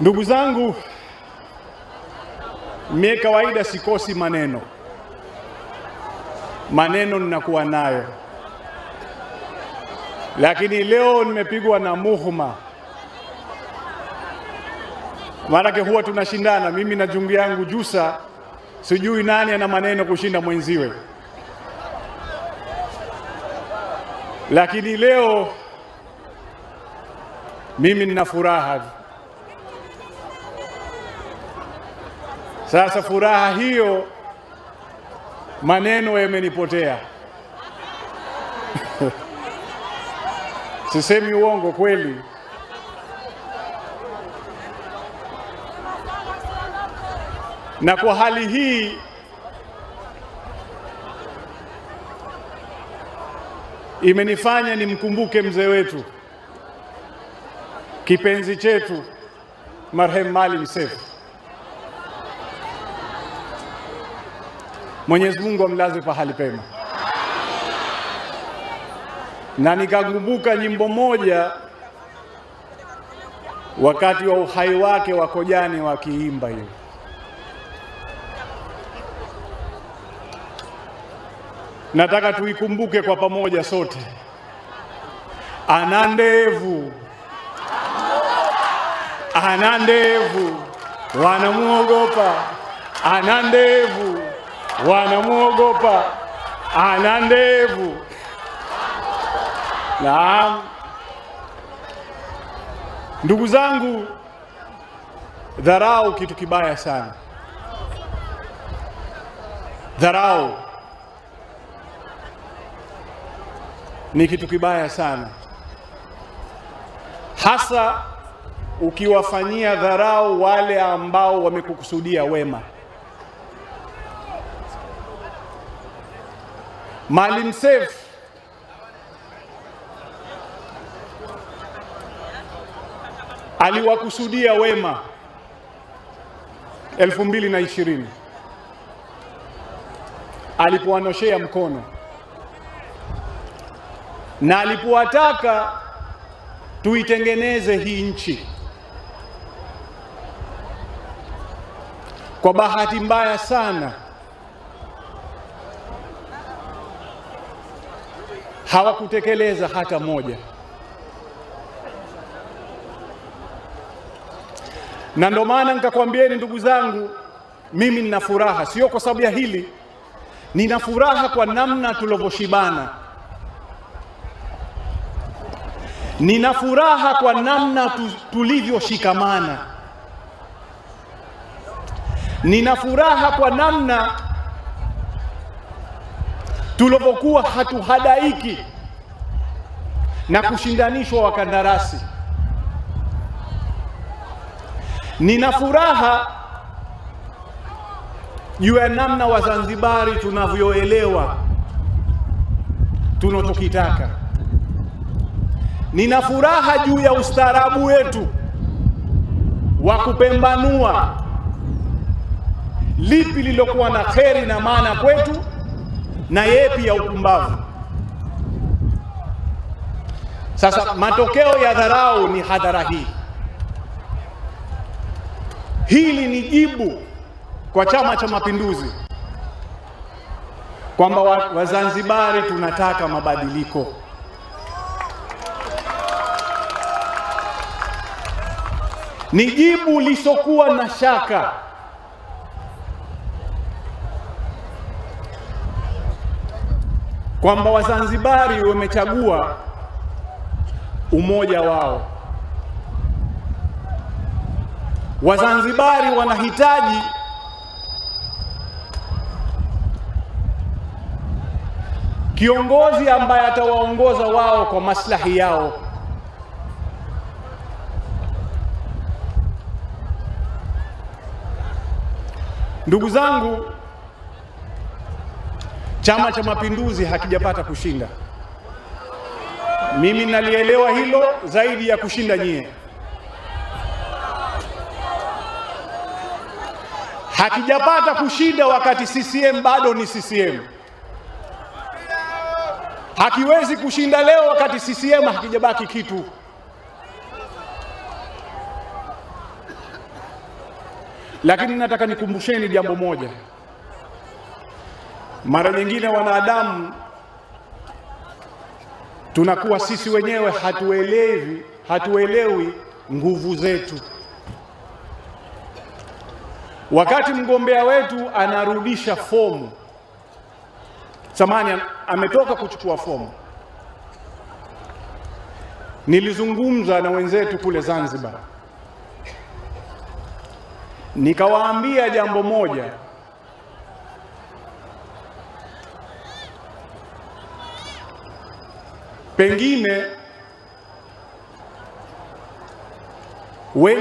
Ndugu zangu, mie kawaida sikosi maneno, maneno ninakuwa nayo, lakini leo nimepigwa na muhuma. Maanake huwa tunashindana, mimi na jungu yangu Jusa, sijui nani ana maneno kushinda mwenziwe, lakini leo mimi nina furaha Sasa furaha hiyo, maneno yamenipotea. Sisemi uongo, kweli. Na kwa hali hii imenifanya nimkumbuke mzee wetu kipenzi chetu marehemu Maalim Seif. Mwenyezi Mungu amlaze pahali pema. Na nikakumbuka nyimbo moja wakati wa uhai wake Wakojani wakiimba hiyo nataka tuikumbuke kwa pamoja sote. Ana ndevu, ana ndevu, wanamuogopa. Ana ndevu, wanamwogopa, ana ndevu. Naam, ndugu zangu, dharau kitu kibaya sana. Dharau ni kitu kibaya sana, hasa ukiwafanyia dharau wale ambao wamekukusudia wema. Maalim Seif aliwakusudia wema 2020 alipowanoshea mkono na alipowataka tuitengeneze hii nchi. Kwa bahati mbaya sana hawakutekeleza hata moja, na ndio maana nikakwambieni ndugu zangu, mimi nina furaha, sio kwa sababu ya hili. Nina furaha kwa namna tulivyoshibana, nina furaha kwa namna tulivyoshikamana, nina furaha kwa namna tulivyokuwa hatuhadaiki na kushindanishwa wakandarasi. Nina furaha juu ya namna Wazanzibari tunavyoelewa tunachokitaka. Nina furaha juu ya ustaarabu wetu wa kupembanua lipi lilokuwa na kheri na maana kwetu na yeye pia upumbavu. Sasa matokeo ya dharau ni hadhara hii. Hili ni jibu kwa Chama cha Mapinduzi kwamba Wazanzibari tunataka mabadiliko. Ni jibu lisokuwa na shaka. kwamba Wazanzibari wamechagua umoja wao. Wazanzibari wanahitaji kiongozi ambaye atawaongoza wao kwa maslahi yao. Ndugu zangu Chama cha Mapinduzi hakijapata kushinda. Mimi nalielewa hilo zaidi ya kushinda nyie. Hakijapata kushinda wakati CCM bado ni CCM. Hakiwezi kushinda leo wakati CCM hakijabaki kitu. Lakini nataka nikumbusheni jambo moja. Mara nyingine wanadamu tunakuwa sisi wenyewe hatuelewi, hatuelewi nguvu zetu. Wakati mgombea wetu anarudisha fomu, samani ametoka kuchukua fomu, nilizungumza na wenzetu kule Zanzibar, nikawaambia jambo moja pengine we